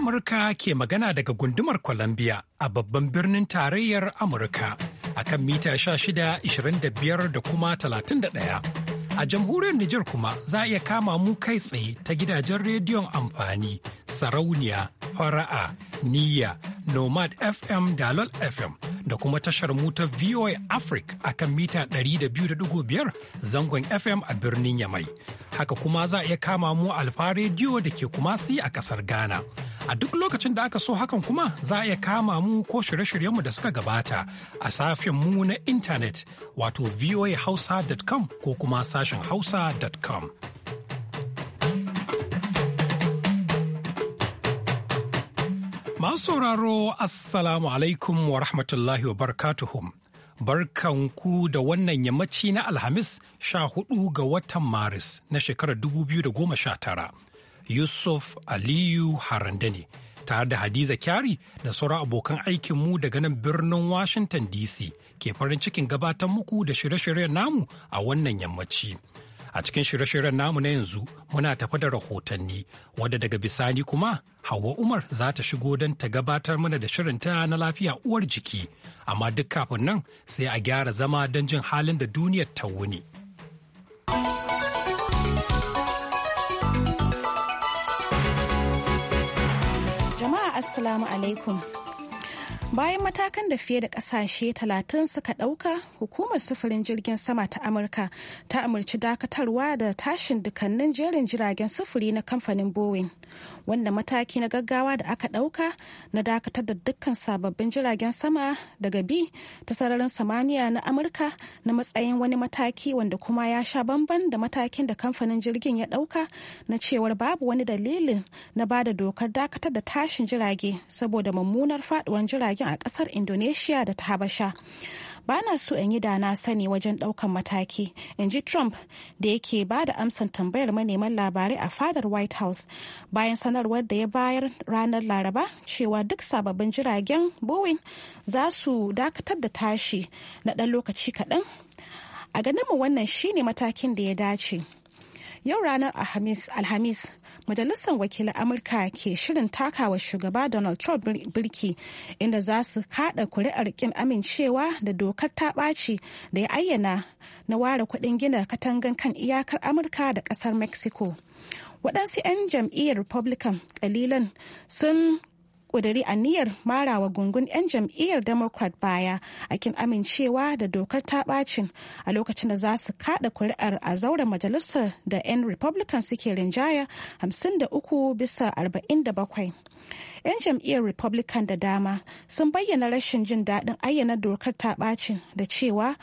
Amurka ke magana daga gundumar Columbia a babban birnin tarayyar Amurka a kan mita 16-25 da kuma 31. A jamhuriyar Nijar kuma za a iya kama mu kai tsaye ta gidajen rediyon amfani, sarauniya, fara'a, niyya, nomad FM dalol FM da kuma tashar mota VOA Africa a kan mita 200.5 zangon FM a birnin Yamai. Haka kuma za a iya kama mu alfa rediyo da ke kumasi a kasar Ghana. A duk lokacin da aka so hakan kuma za a iya kama mu ko shirye-shiryenmu da suka gabata a safin mu na intanet wato voahausa.com ko kuma sashen hausa.com. Masu sauraro Assalamu alaikum wa rahmatullahi wa barkatuhum. Barkanku da wannan yammaci na Alhamis sha hudu ga watan Maris na shekarar 2019 Yusuf Aliyu Harande ne, tare da Hadiza Kyari da sauran abokan aikinmu daga nan birnin Washington DC ke farin cikin gabatar muku da shirye-shiryen namu a wannan yammaci. A cikin shirye-shiryen namu na yanzu muna tafi da rahotanni wadda daga bisani kuma Hauwa Umar za ta shigo don ta gabatar mana da shirinta na lafiya uwar jiki, amma duk kafin nan sai a gyara zama don jin halin da duniyar ta wuni. Assalamu alaikum. bayan matakan da fiye da kasashe 30 suka ɗauka hukumar sufurin jirgin sama ta amurka ta amurci dakatarwa da tashin dukannin jerin jiragen sufuri na kamfanin boeing wanda mataki na gaggawa da aka ɗauka na dakatar da dukkan sababbin jiragen sama daga bi ta sararin samaniya na amurka na matsayin wani mataki wanda kuma ya sha bamban da matakin da kamfanin jirgin ya ɗauka na cewar babu wani dalilin na ba da dokar dakatar da tashin jirage saboda mummunar faɗuwar jirage sojojin a kasar Indonesia da ta Habasha. Ba na so in yi da na sani wajen ɗaukan mataki, in ji Trump da yake ba da amsan tambayar maneman labarai a fadar White House bayan sanarwar da ya bayar ranar Laraba cewa duk sababbin jiragen Boeing za su dakatar da tashi na ɗan lokaci kaɗan. A ganinmu wannan shine matakin da ya dace. yau ranar alhamis majalisar wakilan amurka ke shirin takawa shugaba donald trump birki inda za su kada kuri'ar kin amincewa da dokar ta ɓaci da ya ayyana na ware kuɗin gina katangan kan iyakar amurka da ƙasar mexico waɗansu 'yan jam'iyyar republican kalilan sun a niyyar marawa gungun 'yan jam'iyyar democrat baya a kin amincewa da dokar ta bacin a lokacin da za su kada kuri'ar a zauren majalisar da 'yan republican suke rinjaya 53 bisa 47 'yan jam'iyyar republican da dama sun bayyana rashin jin daɗin ayyana dokar ta bacin da cewa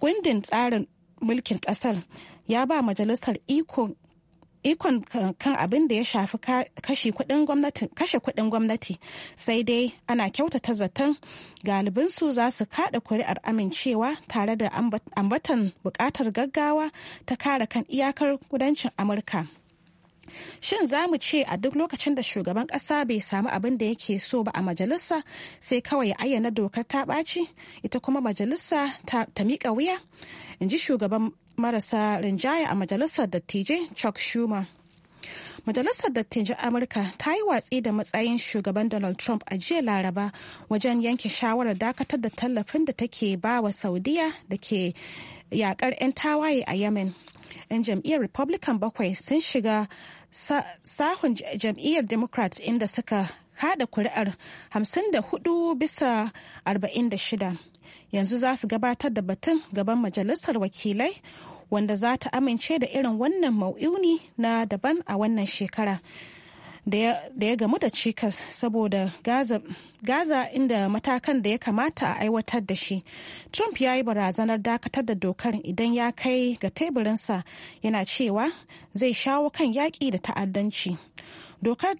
kundin tsarin mulkin ƙasar ya ba majalisar ikon ikon kan abin da ya shafi kashe kudin gwamnati sai dai ana kyautata zaton galibinsu za su kada kuri'ar amincewa tare da ambatan bukatar gaggawa ta kare kan iyakar kudancin amurka Shin za mu ce a duk lokacin da shugaban kasa bai samu abin da yake so ba a majalisa sai kawai ya ayyana dokar ta ɓaci ita kuma majalisa ta miƙa wuya? In ji shugaban marasa rinjaya a majalisar dattijai chuck schumer Majalisar Dattijan Amurka ta yi watsi da matsayin shugaban Donald Trump a jiya Laraba wajen yanke shawarar dakatar da tallafin da take ba wa Saudiya da ke yakar 'yan tawaye a Yemen. 'Yan jam'iyyar Republican bakwai sun shiga sahun jam'iyyar Democrats inda suka kada kuri'ar 54 bisa 46. Yanzu za su gabatar da batun gaban majalisar wakilai wanda za ta amince da irin wannan mau'uni na daban a wannan shekara da ya gamu da cikas saboda gaza inda matakan da ya kamata a aiwatar da shi trump ya yi barazanar dakatar da dokar idan ya kai ga teburinsa yana cewa zai shawo kan yaƙi da ta'addanci dokar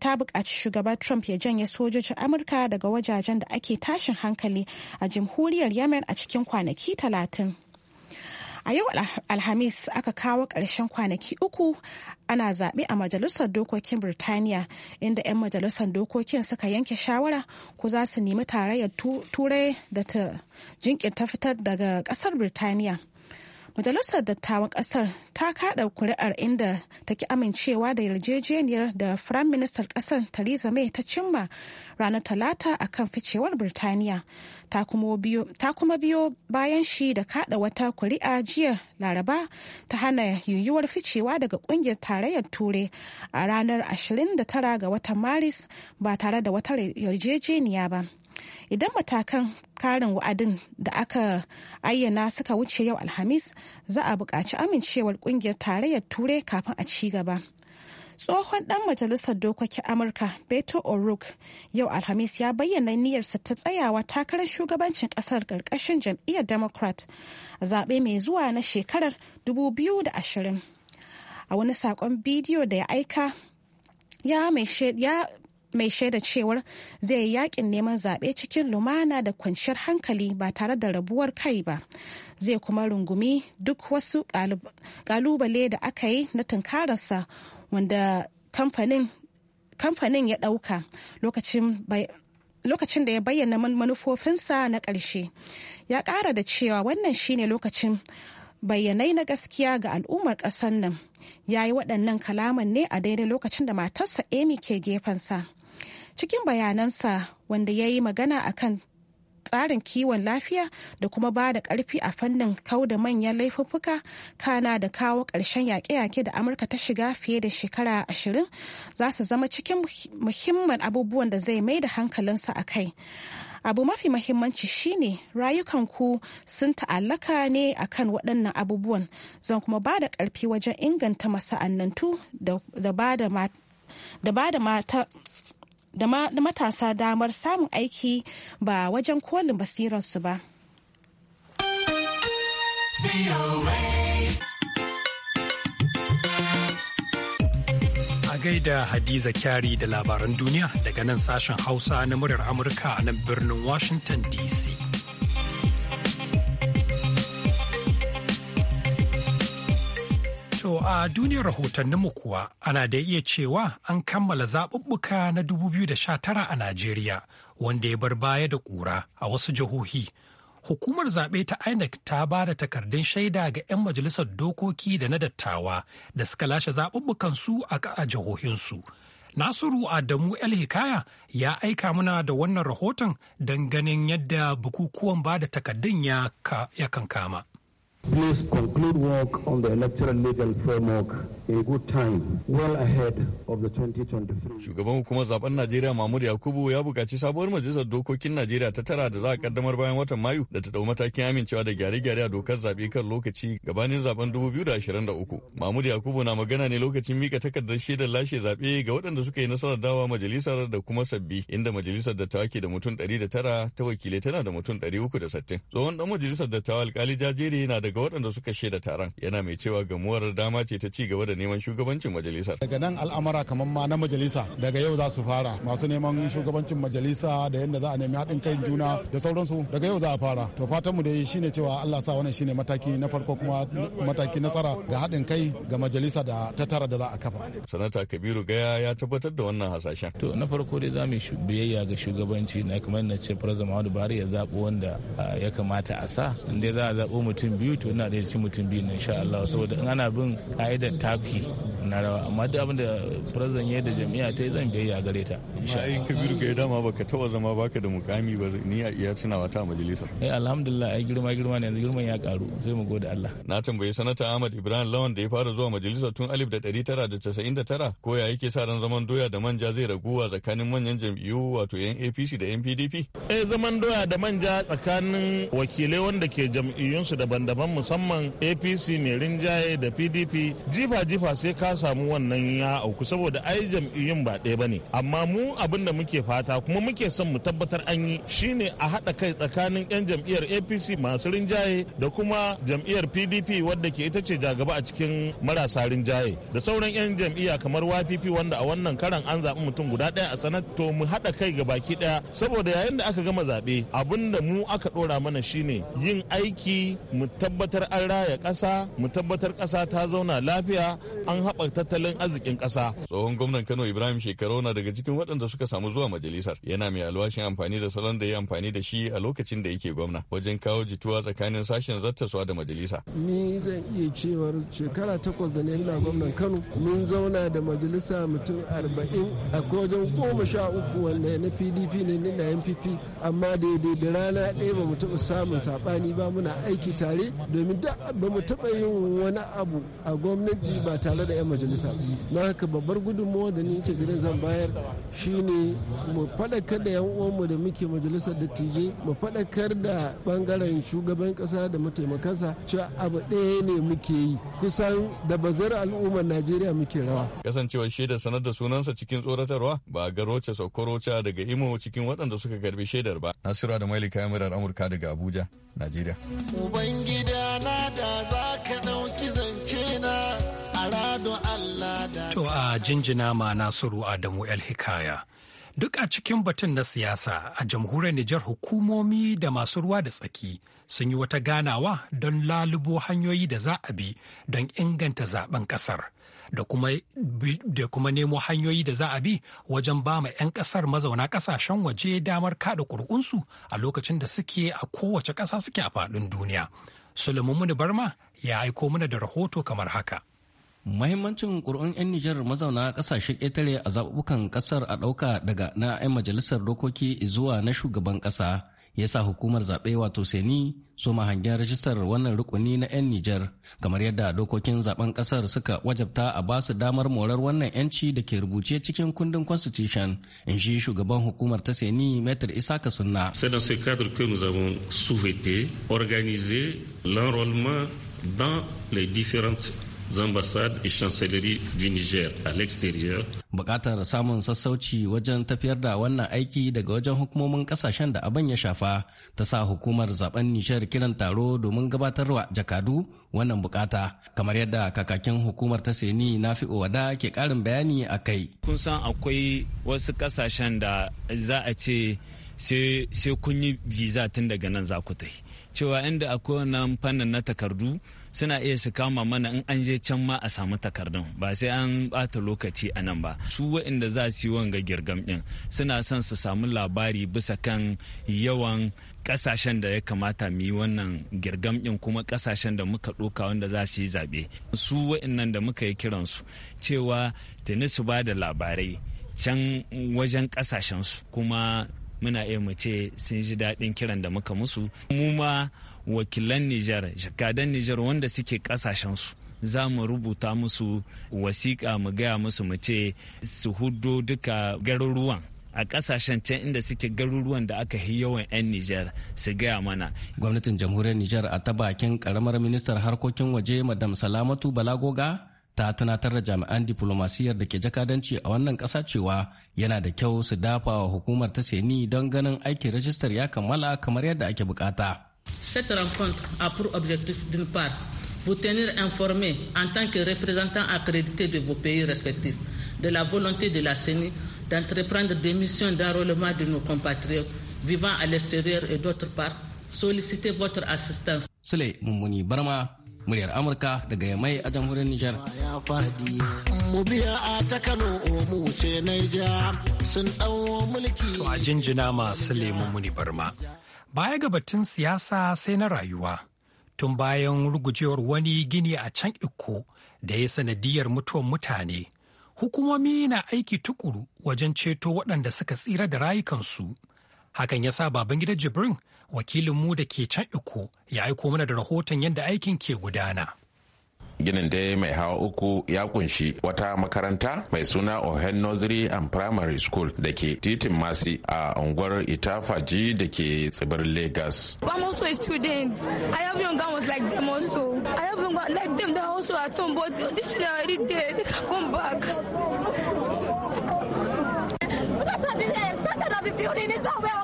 ta buƙaci shugaba trump ya janye sojojin amurka daga wajajen da ake tashin hankali a jamhuriyar yemen a cikin kwanaki talatin A yau Alhamis aka kawo ƙarshen kwanaki uku ana zaɓe a Majalisar Dokokin Birtaniya inda 'yan Majalisar Dokokin suka yanke shawara ko za su nemi tarayyar Turai da ta jinkirta fitar daga ƙasar Birtaniya. Majalisar Dattawan Ƙasar ta kaɗa kuri'ar inda ta ki amincewa da yarjejeniyar da Firayim Ministan Ƙasar Theresa May ta cimma ranar Talata a kan ficewar Birtaniya. Ta kuma biyo bayan shi da kaɗa wata kuri'a jiya Laraba ta hana yiwuwar ficewa daga ƙungiyar tarayyar Turai a ranar 29 ga watan Maris ba tare da wata yarjejeniya ba. idan matakan karin wa'adin da aka ayyana suka wuce yau alhamis za a buƙaci amincewar ƙungiyar tarayyar turai kafin a ci gaba tsohon dan majalisar dokokin amurka beto o'rourke yau alhamis ya bayyana niyyarsa ta tsayawa takarar shugabancin kasar karkashin jam'iyyar democrat a zaɓe mai zuwa na shekarar 2020 a wani saƙon bidiyo da ya aika ya mai shaida cewar zai yi yakin neman zaɓe cikin lumana da kwanciyar hankali ba tare da rabuwar kai ba zai kuma rungumi duk wasu ƙalubale da aka yi na tunkararsa wanda kamfanin ya ɗauka lokacin lokacin da ya bayyana manufofinsa na ƙarshe ya ƙara da cewa wannan shine lokacin bayyanai na gaskiya ga al'ummar ƙasar nan ya yi waɗannan kalaman ne a daidai lokacin da matarsa amy ke gefensa cikin bayanansa wanda ya yi magana akan tsarin kiwon lafiya da kuma ba da karfi a fannin kau da manyan laifuffuka kana da kawo ƙarshen yaƙe-yaƙe da amurka ta shiga fiye da shekara ashirin za su zama cikin muhimman abubuwan da zai mai da hankalinsa a kai abu mafi mahimmanci shine rayukanku sun ta'allaka ne akan waɗannan abubuwan zan kuma ba da ƙarfi wajen inganta masa'annantu da ba da mata da matasa damar samun aiki ba wajen kolin basirarsu ba. A gaida Hadiza Kyari da labaran duniya daga nan sashen Hausa na muryar Amurka a nan birnin Washington DC. a duniyar rahotanninmu kuwa ana da iya cewa an kammala zaɓuɓɓuka na 2019 a Najeriya wanda ya bar baya da ƙura a wasu jihohi. Hukumar zaɓe ta INEC ta ba da takardun shaida ga 'yan majalisar dokoki da na dattawa da suka lashe zaɓuɓɓukansu a jihohinsu. Nasiru Adamu El Hikaya ya aika muna da wannan rahoton don ganin yadda bukukuwan ba da takardun ya kankama. Please conclude work on the electoral legal framework a good time well ahead of the 2023. Shugaban hukumar zaben Najeriya Mahmud Yakubu ya bukaci sabuwar majalisar dokokin Najeriya ta tara da za a kaddamar bayan watan Mayu da ta dau matakin amincewa da gyare-gyare a dokar zaɓe kan lokaci gabanin zaben 2023. Mahmud Yakubu na magana ne lokacin mika takardar shaidar lashe zaɓe ga waɗanda suka yi nasarar dawa majalisar da kuma sabbi inda majalisar dattawa ke da mutum 109 ta wakilai tana da mutum 360. Tsohon dan majalisar dattawa alkali jajere na da daga waɗanda suka shaida taron yana mai cewa gamuwar dama ce ta ci gaba da neman shugabancin majalisar daga nan al'amara kamar ma na majalisa daga yau za su fara masu neman shugabancin majalisa da yadda za a nemi haɗin kai juna da sauransu daga yau za a fara to fatanmu dai shine cewa Allah sa wannan shine mataki na farko kuma mataki nasara ga haɗin kai ga majalisa da ta tara da za a kafa sanata kabiru gaya ya tabbatar da wannan hasashen to na farko dai za mu biyayya ga shugabanci na kamar na ce farzama bari ya zaɓo wanda ah, ya kamata a sa inda za a zaɓo mutum biyu to ina da cikin mutum biyu insha Allah saboda in ana bin ka'idar taki na rawa amma duk abin da president ya da jami'a ta yi zan biyayya gare ta insha Allah kabiru ga dama baka taba zama baka da mukami ba ni a iya tunawa ta majalisar eh alhamdulillah ai girma girma ne yanzu girman ya karu sai mu gode Allah na tambayi sanata Ahmad Ibrahim Lawan da ya fara zuwa majalisar tun 1999 ko ya yake sa ran zaman doya da manja zai raguwa tsakanin manyan jam'iyyu wato yan APC da NPDP eh zaman doya da manja tsakanin wakilai wanda ke jam'iyyunsu daban-daban musamman apc mai rinjaye da pdp jifa-jifa sai ka samu wannan ya auku saboda ai jam'iyyun ba ɗaya ba ne amma mu abin da muke fata kuma muke son mu tabbatar an yi shine a haɗa kai tsakanin 'yan jam'iyyar apc masu rinjaye da kuma jam'iyyar pdp wadda ke ita ce jagaba a cikin marasa rinjaye da sauran 'yan jam'iyya kamar ypp wanda a wannan karan an zaɓi mutum guda ɗaya a sanar to mu haɗa kai ga baki ɗaya saboda yayin da aka gama zaɓe abin da mu aka ɗora mana shine yin aiki mu tabbatar tabbatar an raya ƙasa mu tabbatar ƙasa ta zauna lafiya an haɓa tattalin arzikin ƙasa. tsohon gwamnan kano ibrahim shekaru na daga cikin waɗanda suka samu zuwa majalisar yana mai alwashin amfani da salon da ya amfani da shi a lokacin da yake gwamna wajen kawo jituwa tsakanin sashen zattaswa da majalisa. ni zan iya cewa shekara takwas da ne ina gwamnan kano mun zauna da majalisa mutum arba'in a wajen goma sha uku wanda na pdp ne na npp amma daidai da rana ɗaya ba mu taɓa samun saɓani ba muna aiki tare domin da ba mu taɓa yin wani abu a gwamnati ba tare da 'yan majalisa na haka babbar gudunmawa da ni ke gidan zan bayar shine mu faɗakar da 'yan uwanmu da muke majalisar dattijai mu faɗakar da ɓangaren shugaban ƙasa da mataimakansa cewa abu ɗaya ne muke yi kusan da bazar al'ummar najeriya muke rawa kasancewar shaidar sanar da sunansa cikin tsoratarwa ba a garoce saukoroca daga imo cikin waɗanda suka karbi shaidar ba nasiru da mailika murar amurka daga abuja najeriya ubangida a jinjina ma Nasiru Adamu El Hikaya. Duk a cikin batun na siyasa a jamhuriyar Nijar hukumomi da masu ruwa da tsaki sun yi wata ganawa don lalubo hanyoyi da za a bi don inganta zaben kasar. Da kuma nemo hanyoyi da za a bi wajen ba ma 'yan kasar mazauna kasashen waje damar kada ƙuri'unsu a lokacin da suke a kowace ƙasa suke a faɗin duniya. Sulaiman Muni Barma ya aiko mana da rahoto kamar haka. Mahimmancin ƙuri'un 'yan Nijar mazauna ƙasashen ƙetare a zaɓuɓɓukan ƙasar a ɗauka daga na 'yan majalisar dokoki zuwa na shugaban ƙasa ya sa hukumar zaɓe wato Seni su hangen rajistar wannan rukuni na 'yan Nijar kamar yadda dokokin zaɓen ƙasar suka wajabta a basu damar morar wannan 'yanci da ke rubuce cikin kundin constitution in shi shugaban hukumar ta Seni Metar Isaka Sunna. C'est dans ce cadre que nous avons souhaité organiser l'enrôlement dans les différentes zambasad e chancelleries du Niger à l'extérieur. Bukatar samun sassauci wajen tafiyar da wannan aiki daga wajen hukumomin kasashen da abin ya shafa ta sa hukumar zaben Nijar kiran taro domin gabatarwa jakadu wannan bukata kamar yadda kakakin hukumar ta seni na fi wada ke karin bayani a kai. Kun san akwai wasu kasashen da za a ce sai kun yi visa tun daga nan za ku tai. Cewa inda akwai wannan fannin na takardu suna iya su kama mana in an je can ma a samu takardun ba sai an bata lokaci a nan ba su waɗanda za su yi wanga girgam din suna son su samu labari bisa kan yawan kasashen da ya kamata mu yi wannan girgam din kuma kasashen da muka ɗoka wanda za su yi zaɓe su waɗannan da muka yi kiransu cewa tuni su ba da labarai can wajen kasashensu kuma muna iya mu ce sun ji daɗin kiran da muka musu mu ma wakilan Nijar, jakadan Nijar wanda suke kasashensu. za mu rubuta musu wasiƙa mu gaya musu mu ce su hudo duka garuruwan a ƙasashen can inda suke garuruwan da aka yi yawan 'yan Nijar su gaya mana. Gwamnatin jamhuriyar Nijar a ta bakin karamar ministar harkokin waje Madam Salamatu Balagoga ta tunatar da jami'an diplomasiyyar da ke jakadanci a wannan ƙasa cewa yana da kyau su dafa wa hukumar ta seni don ganin aikin rajistar ya kammala kamar yadda ake bukata. Cette rencontre a pour objectif, d'une part, vous tenir informé en tant que représentants accrédités de vos pays respectifs de la volonté de la CENI d'entreprendre des missions d'enrôlement de nos compatriotes vivant à l'extérieur et d'autre part, solliciter votre assistance. Barma, Baya ga batun siyasa sai na rayuwa, tun bayan rugujewar wani gini a can iko da ya sanadiyar mutuwar mutane, hukumomi na aiki tukuru wajen ceto waɗanda suka tsira da rayukansu. Hakan ya sa Babangida Jibrin wakilinmu da ke can iko ya aiko mana da rahoton yadda aikin ke gudana. ginin dai mai hawa uku ya kunshi wata makaranta mai suna ohen nursery and primary school da ke titin masi a unguwar itafaji da ke tsibirin lagos building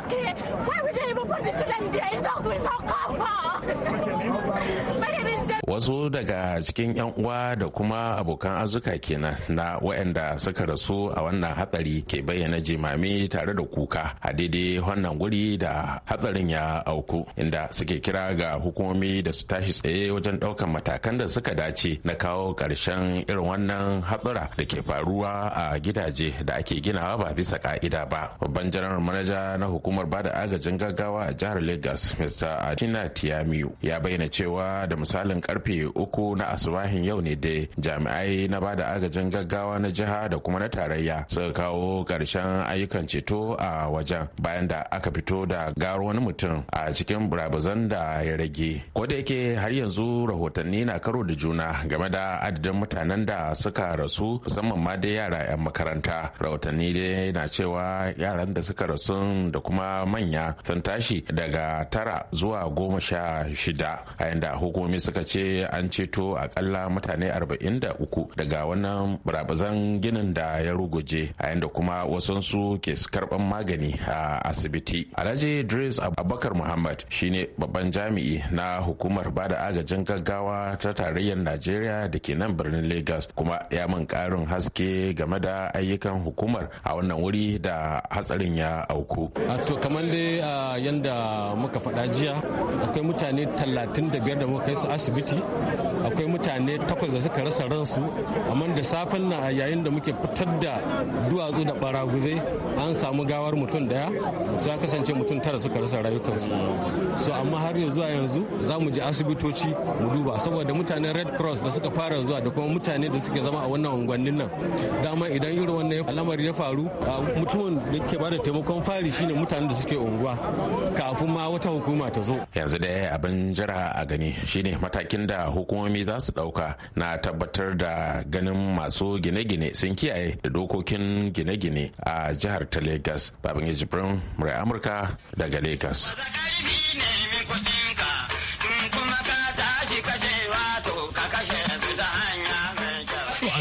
okay. Why would they even put the children there? It's not good, it's not comfort. wasu daga cikin 'yan uwa da kuma abokan arzuka kenan na waɗanda suka rasu a wannan hatsari ke bayyana jimami tare da kuka a daidai wannan guri da hatsarin ya auku inda suke kira ga hukumomi da su tashi tsaye wajen ɗaukan matakan da suka dace na kawo ƙarshen irin wannan hatsura da ke faruwa a gidaje da ake ginawa ba bisa ka'ida ba babban janar manaja na hukumar bada agajin gaggawa a jihar Legas, mr atina tiamiu ya bayyana cewa da misalin kar karfe uku na asubahin yau ne dai jami'ai na bada agajin gaggawa na jiha da kuma na tarayya suka kawo karshen ayyukan ceto a wajen bayan da aka fito da gawar wani mutum a cikin burabuzan da ya rage ko da yake har yanzu rahotanni na karo da juna game da adadin mutanen da suka rasu musamman ma dai yara 'yan makaranta rahotanni dai na cewa yaran da suka rasu da kuma manya sun tashi daga tara zuwa goma sha shida a yanda hukumomi suka ce an ceto akalla mutane 43 daga wannan barabazan ginin da ya ruguje a yadda kuma wasansu ke karban magani a asibiti alhaji idris abubakar muhammad shine babban jami'i na hukumar bada agajin gaggawa ta tarayyar najeriya da ke nan birnin lagos kuma ya min karin haske game da ayyukan hukumar a wannan wuri da hatsarin ya auku kamar dai yanda muka faɗa jiya akwai mutane 35 da muka kai su asibiti akwai mutane takwas da suka rasa ransu amma da safen na yayin da muke fitar da duwatsu da baraguzai an samu gawar mutum daya su ya kasance mutum tara suka rasa rayukansu so amma har yanzu zuwa yanzu za mu je asibitoci mu duba saboda mutanen red cross da suka fara zuwa da kuma mutane da suke zama a wannan unguwannin nan dama idan irin wannan al'amari ya faru mutumin da ke bada taimakon fari shine mutanen da suke unguwa kafin ma wata hukuma ta zo yanzu da abin jira a gani shine matakin da hukumomi za su ɗauka na tabbatar da ganin masu gine-gine sun kiyaye da dokokin gine-gine a jihar ta Legas. Babin Ejibirin Murai Amurka daga Legas.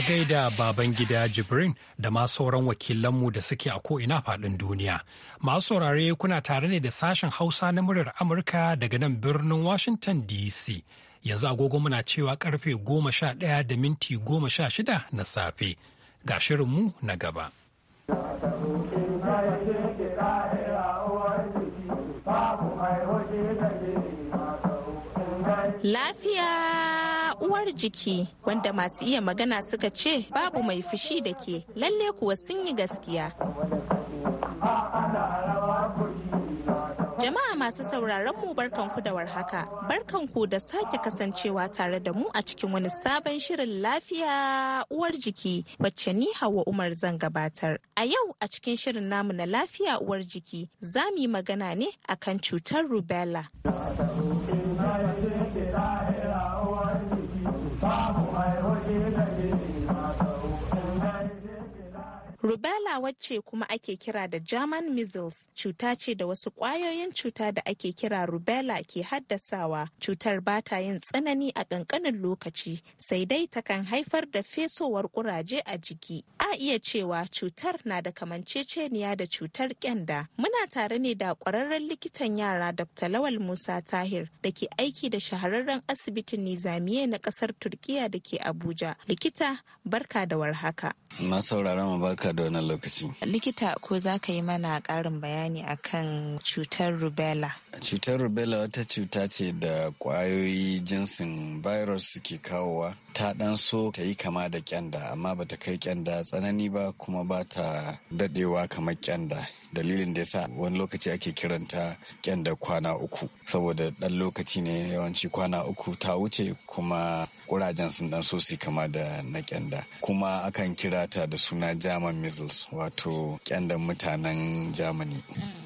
gaida baban gida Jibrin da ma sauran wakilanmu da suke a ko'ina faɗin duniya. Masu saurare kuna tare ne da sashen Hausa na muryar Amurka daga nan birnin Washington DC. yanzu agogo muna cewa karfe goma sha ɗaya da minti goma sha shida na safe ga shirinmu na gaba. Lafiya uwar jiki wanda masu iya magana suka ce babu mai fushi da ke lalle kuwa sun yi gaskiya. Jama'a masu sauraron mu barkanku da warhaka. Barkanku da sake kasancewa tare da mu a cikin wani sabon shirin lafiya uwar jiki wacce ni Hauwa Umar zan gabatar. A yau a cikin shirin namu na lafiya uwar jiki za mu yi magana ne akan cutar rubella. Rubella wacce kuma ake kira da German measles cuta ce da wasu ƙwayoyin cuta da ake kira rubella ke haddasawa. Cutar bata yin tsanani a ƙanƙanin lokaci sai dai takan haifar da fesowar ƙuraje a jiki. A iya cewa cutar na da kamanceceniya da cutar ƙyanda. Muna tare ne da ƙwararren likitan yara Dr. Lawal Musa Tahir da ke aiki da shahararren asibitin Nizamiye na ƙasar Turkiya da ke Abuja. Likita barka da warhaka. Masauraran mu barka da wannan lokaci. Likita ko za ka yi mana ƙarin bayani akan cutar rubella? Cutar rubella wata cuta ce da ƙwayoyi jinsin virus suke kawowa. Ta ɗan so ta yi kama da kyanda amma ba ta kai kyanda tsanani ba kuma ba ta daɗewa kamar kyanda. dalilin da yasa wani lokaci ake kiranta ƙyanda kwana uku saboda ɗan lokaci ne yawanci kwana uku ta wuce kuma kurajen sun dan sosai kama da na kyanda kuma akan kira ta da suna german measles wato kyandan mutanen germany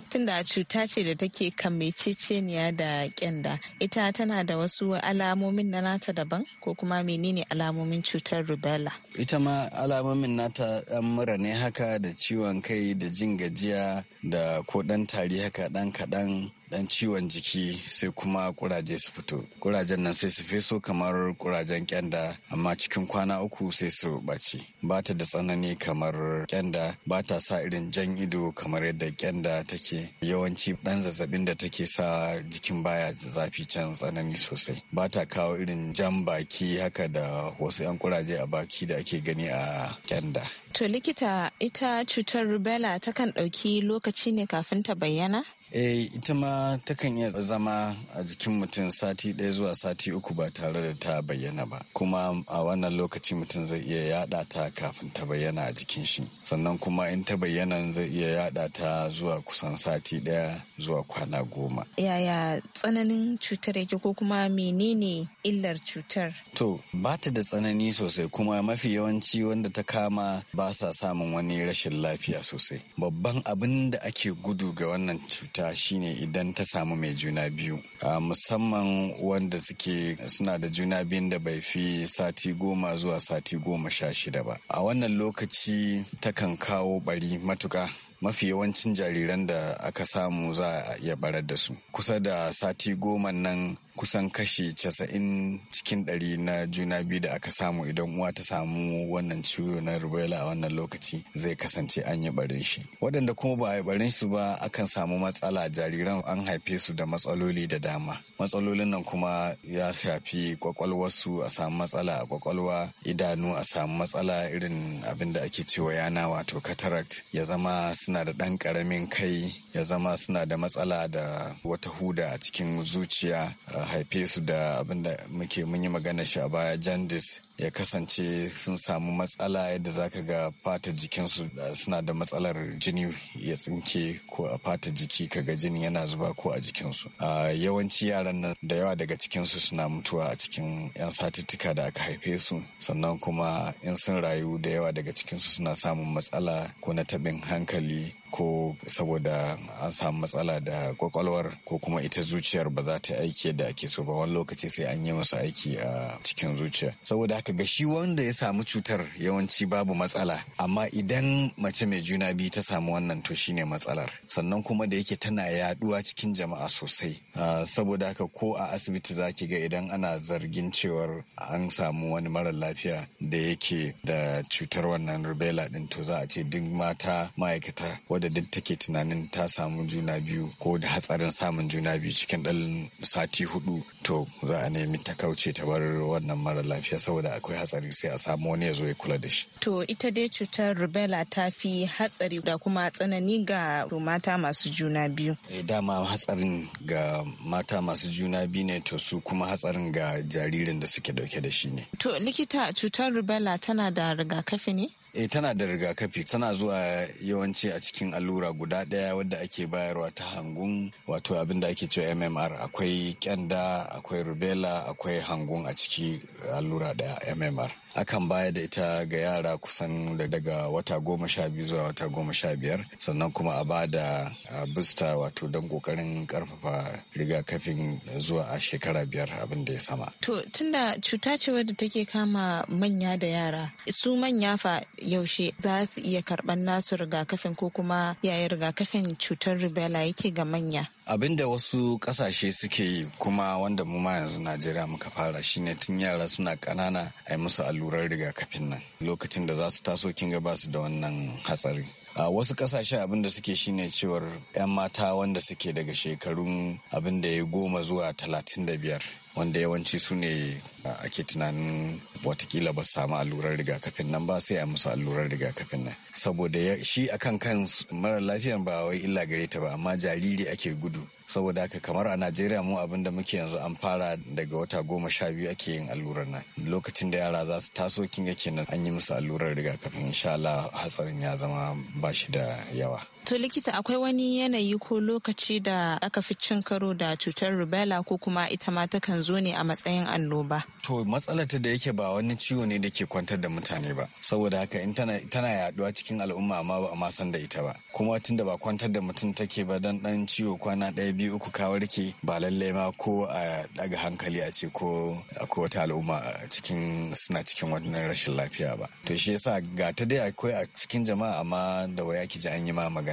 tunda cuta ce da take kan kamaiceceniya da kyanda ita tana da wasu alamomin na nata daban ko kuma menene alamomin cutar rubella ita ma alamomin nata dan mura ne haka da ciwon kai da jin gajiya da ko dan tari haka dan kaɗan dan ciwon jiki sai kuma kuraje su fito kurajen nan sai su feso kamar kurajen kyanda amma cikin kwana uku sai su bace ba ta da tsanani kamar kyanda ba ta sa irin jan ido kamar yadda kyanda take yawanci dan zazzabin da take sa jikin baya zafi can tsanani sosai ba ta kawo irin jan baki haka da wasu yan kuraje a baki da ake gani a kyanda to likita ita cutar rubella takan ɗauki lokaci ne kafin ta bayyana eh ita ma takan iya zama a jikin mutum sati ɗaya zuwa sati uku ba tare da ta bayyana ba kuma a wannan lokaci mutum zai iya yada ta kafin ta bayyana a jikin shi sannan kuma in ta bayyana zai iya yada ta zuwa kusan sati ɗaya zuwa kwana goma yaya tsananin cutar yake ko kuma menene illar cutar to ba ta da tsanani sosai kuma mafi yawanci wanda ta kama ba sa samun wani rashin lafiya sosai babban abin da ake gudu ga wannan cutar. mata shine idan ta samu mai juna biyu musamman wanda suke suna da juna biyun da bai fi sati goma zuwa sati goma sha shida ba a wannan lokaci takan kawo bari matuka mafi yawancin jariran da aka samu za a iya barar da su kusa da sati goma nan kusan kashi casa'in cikin ɗari na juna biyu da aka samu idan uwa ta samu wannan ciwo na rubella a wannan lokaci zai kasance an yi barin shi waɗanda kuma ba a yi barin su ba akan samu matsala jariran an haife su da matsaloli da dama matsalolin nan kuma ya shafi kwakwalwarsu a samu matsala a kwakwalwa idanu a samu matsala irin abin da ake cewa yana wato cataract ya zama suna da ɗan ƙaramin kai ya zama suna da matsala da wata huda a cikin zuciya haife su da abin da muke mun yi magana shi a baya jandis ya kasance sun samu matsala yadda ka ga fata jikinsu uh, suna da matsalar jini ya tsinke ko a fata jiki kaga jini yana zuba ko a jikinsu a yawanci yaran nan da yawa daga cikinsu suna mutuwa a cikin 'yan satuttuka da aka haife su sannan kuma in sun rayu da yawa daga cikinsu suna samun matsala ko na taɓin hankali ko saboda an samu matsala da kwakwalwar ko kuma ita zuciyar ba za ta aiki yadda ake so ba wani lokaci sai an yi musu aiki a cikin zuciya saboda haka ga shi wanda ya samu cutar yawanci babu matsala amma idan mace mai juna biyu ta samu wannan to shine matsalar sannan kuma da yake tana yaduwa cikin jama'a sosai ah, saboda haka ko a asibiti zaki ga idan ana zargin cewar an samu wani mara lafiya da yake da cutar wannan rubella din to za a ce duk mata ma'aikata wadda duk take tunanin ta samu juna biyu ko da hatsarin samun juna biyu cikin dalin sati hudu to za a nemi ta kauce ta bar wannan mara lafiya saboda akwai hatsari sai a samu wani ya zo ya kula da shi. To ita dai cutar rubella ta fi hatsari da kuma tsanani ga mata masu juna biyu. E, dama hatsarin ga mata masu juna biyu ne to su kuma hatsarin ga jaririn da suke dauke da shi ne. To likita cutar rubella tana da rigakafi ne? eh tana da rigakafi tana zuwa yawanci a cikin allura guda ɗaya wadda ake bayarwa ta hangun wato abin da ake cewa mmr akwai kyanda akwai rubella akwai hangun a ciki allura ɗaya mmr akan baya da ita ga yara kusan daga wata goma sha biyu zuwa wata goma sha biyar sannan kuma a ba da busta wato don kokarin karfafa rigakafin zuwa a shekara biyar abin da ya sama to tunda cuta ce wadda take kama manya da yara su manya fa yaushe za su iya karɓar nasu rigakafin ko kuma yaya rigakafin cutar rubella yake ga manya abin da wasu kasashe suke yi kuma wanda mu ma yanzu najeriya muka fara shine tun yara suna ƙanana a yi musu allurar rigakafin nan lokacin da za su taso kin ga su da wannan hatsari a wasu kasashen abin da suke shine cewar 'yan mata wanda suke daga shekarun abin da ya goma zuwa talatin da biyar wanda yawanci su ne ake tunanin watakila ba su samu allurar rigakafin nan ba sai a musu allurar rigakafin nan saboda shi a kan kan mara lafiyar ba wai illa gare ta ba amma jariri ake gudu saboda haka kamar a najeriya mu abin da muke yanzu an fara daga wata goma sha biyu ake yin allurar nan lokacin da yara za su taso kin yake nan an yi musu allurar rigakafin insha Allah hatsarin ya zama ba shi da yawa To likita akwai wani yanayi ko lokaci da aka fi cin karo da cutar rubella ko kuma ita ma takan zo ne a matsayin annoba. To matsalar ta da yake ba wani ciwo ne da ke kwantar da mutane ba. Saboda haka in tana, tana yaduwa cikin al'umma amma ba a ma san da ita ba. Kuma tun da ba kwantar da mutum take ba dan dan ciwo kwana ɗaya biyu uku ka warke ba lallai ma ko a daga hankali a ce ko akwai wata al'umma cikin suna cikin wannan rashin lafiya ba. To shi yasa ga ta dai akwai a cikin jama'a amma da waya ki ji an yi ma magana.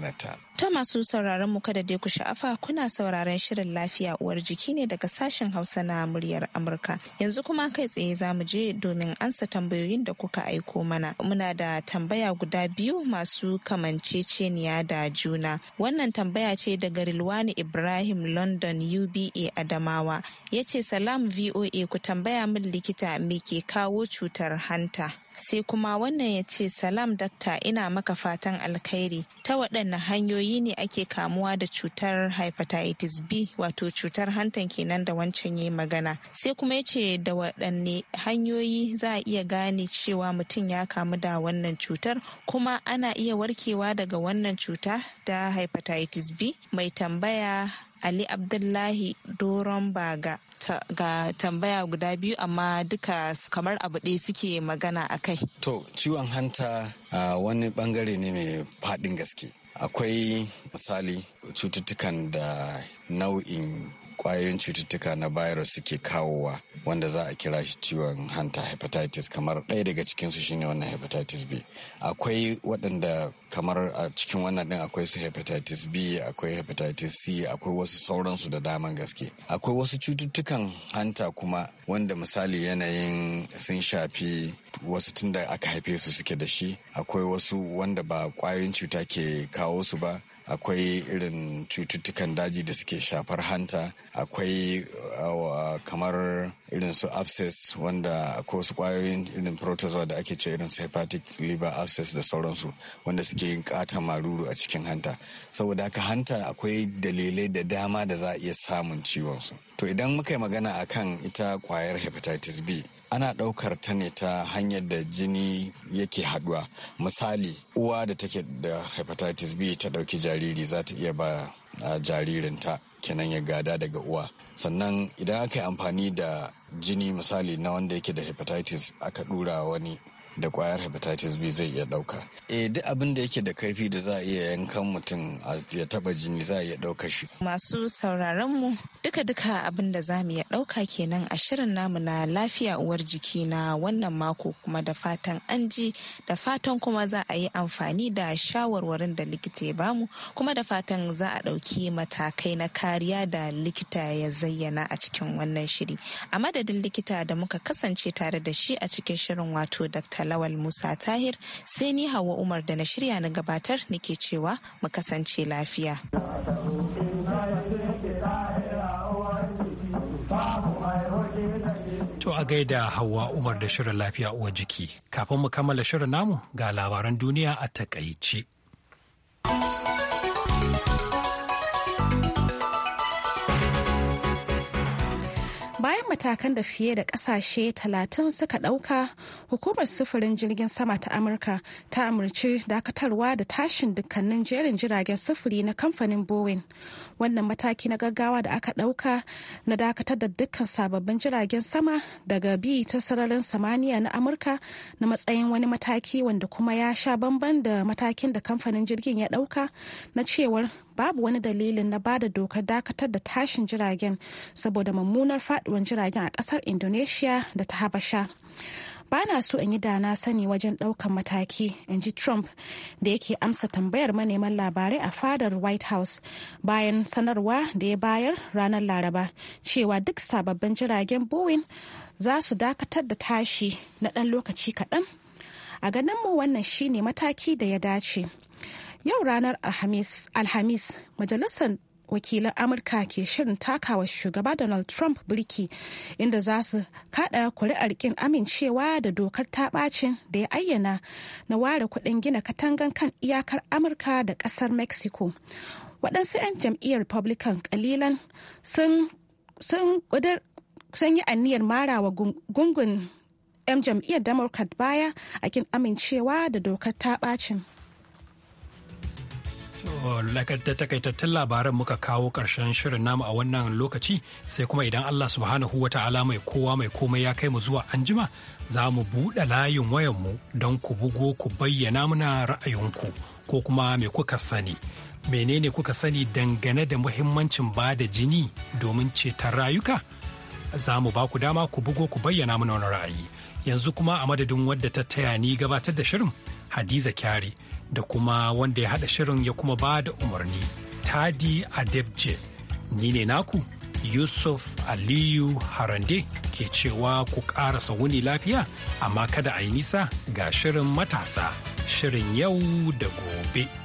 Ta masu sauraron mu kada dai ku sha'afa kuna sauraron shirin lafiya uwar jiki ne daga sashen Hausa na muryar Amurka. Yanzu kuma kai tsaye za mu je domin ansa tambayoyin da kuka aiko mana. Muna da tambaya guda biyu masu kamanceceniya da juna. Wannan tambaya ce daga Rilwani Ibrahim London UBA Adamawa. Ya ce salam VOA ku tambaya min likita me ke kawo cutar hanta. sai kuma wannan ya ce salam dakta ina maka fatan alkhairi ta waɗanne hanyoyi ne ake kamuwa da cutar hepatitis b wato cutar hantan kenan da wancan ya magana sai kuma ya ce da waɗanne hanyoyi za a iya gane cewa mutum ya kamu da wannan cutar kuma ana iya warkewa daga wannan cuta ta hepatitis b mai tambaya ali abdullahi doron baga ga tambaya guda biyu amma duka kamar abu ɗaya suke magana a kai to ciwon hanta wani bangare ne mai faɗin gaske akwai misali cututtukan da nau'in kwayoyin cututtuka na virus suke kawowa wanda za a kira shi ciwon hanta hepatitis kamar ɗaya daga cikinsu shine wannan hepatitis b akwai waɗanda kamar a cikin wannan ɗin akwai su hepatitis b akwai hepatitis c akwai wasu sauransu da daman gaske akwai wasu cututtukan hanta kuma wanda misali yanayin sun shafi wasu tunda aka haife su suke da shi akwai wasu wanda ba kwayoyin cuta ke kawo su ba akwai irin cututtukan daji da suke shafar hanta akwai uh, kamar irin su abscess wanda ko su kwayoyin irin protozoa da ake cewa irin su hepatic liver abscess da sauransu wanda suke yin kata maruru a cikin hanta saboda haka hanta akwai dalilai da dama da za a iya samun ciwon su to idan muka yi magana akan ita kwayar hepatitis b ana ɗaukar ta ne ta hanyar da jini yake haɗuwa misali uwa da take da hepatitis b ta ɗauki jariri za ta iya ba jaririnta kenan ya gada daga uwa sannan idan aka yi amfani da jini misali na wanda yake da hepatitis aka ɗura wani da kwayar hepatitis B zai iya dauka. Eh duk abin da yake da kaifi da za a iya yankan mutum ya taba jini za a iya dauka shi. Masu sauraron mu duka duka abin da za mu iya dauka kenan a shirin namu na lafiya uwar jiki na wannan mako kuma da fatan an ji da fatan kuma za a yi amfani da shawarwarin da likita ya bamu kuma da fatan za a dauki matakai na kariya da likita ya zayyana a cikin wannan shiri. A madadin likita da muka kasance tare da shi a cikin shirin wato Dr. Lawal Musa Tahir sai ni Hawa Umar da na shirya na gabatar nake cewa mu kasance lafiya. To a gaida Hawa Umar da shirin lafiya uwa jiki. Kafin mu kammala shirin namu ga labaran duniya a takaice. matakan da fiye da kasashe 30 suka ɗauka hukumar sufurin jirgin sama ta amurka ta amurci dakatarwa da tashin dukkanin jerin jiragen sufuri na kamfanin boeing wannan mataki na gaggawa da aka ɗauka na dakatar da dukkan sababbin jiragen sama daga bi ta sararin samaniya na amurka na matsayin wani mataki wanda kuma ya sha bamban da matakin da kamfanin jirgin ya ɗauka na cewar babu wani dalilin na bada dokar dakatar da tashin jiragen saboda mummunar faduwar jiragen a kasar Indonesia da ta Habasha. ba na so in yi dana sani wajen ɗaukan mataki in ji trump da yake amsa tambayar maneman labarai a fadar white house bayan sanarwa da ya bayar ranar laraba cewa duk sababbin jiragen boeing za su dakatar da tashi na ɗan lokaci kaɗan a ganin mu wannan shine mataki da ya dace Yau ranar Alhamis, Majalisar wakilan amurka ke shirin takawa shugaba donald trump birki inda za su kada kuri'ar kin amincewa da dokar ta bacin da ya ayyana na ware kudin gina katangan kan iyakar amurka da kasar mexico waɗansu 'yan jam'iyyar republican kalilan sun sun yi aniyar wa gungun 'yan jam'iyyar democrat baya a kin amincewa da dokar bacin da takaitattun labaran muka kawo karshen shirin namu a wannan lokaci sai kuma idan Allah subhanahu wa ta'ala mai kowa mai komai ya kai mu zuwa anjima za mu buɗe layin wayanmu don ku bugo ku bayyana muna ra'ayinku ko kuma me kuka sani. Menene kuka sani dangane da muhimmancin ba da jini domin ceton rayuka? Za mu ba ku dama ku bugo ku bayyana muna wani ra'ayi. Yanzu kuma a madadin wadda ta taya ni gabatar da shirin Hadiza Kyare. da kuma wanda ya haɗa shirin ya kuma ba da umarni Tadi Adebje. Ni ne naku Yusuf Aliyu Harande ke cewa ku ƙara wuni lafiya amma kada a yi nisa ga shirin matasa shirin yau da gobe.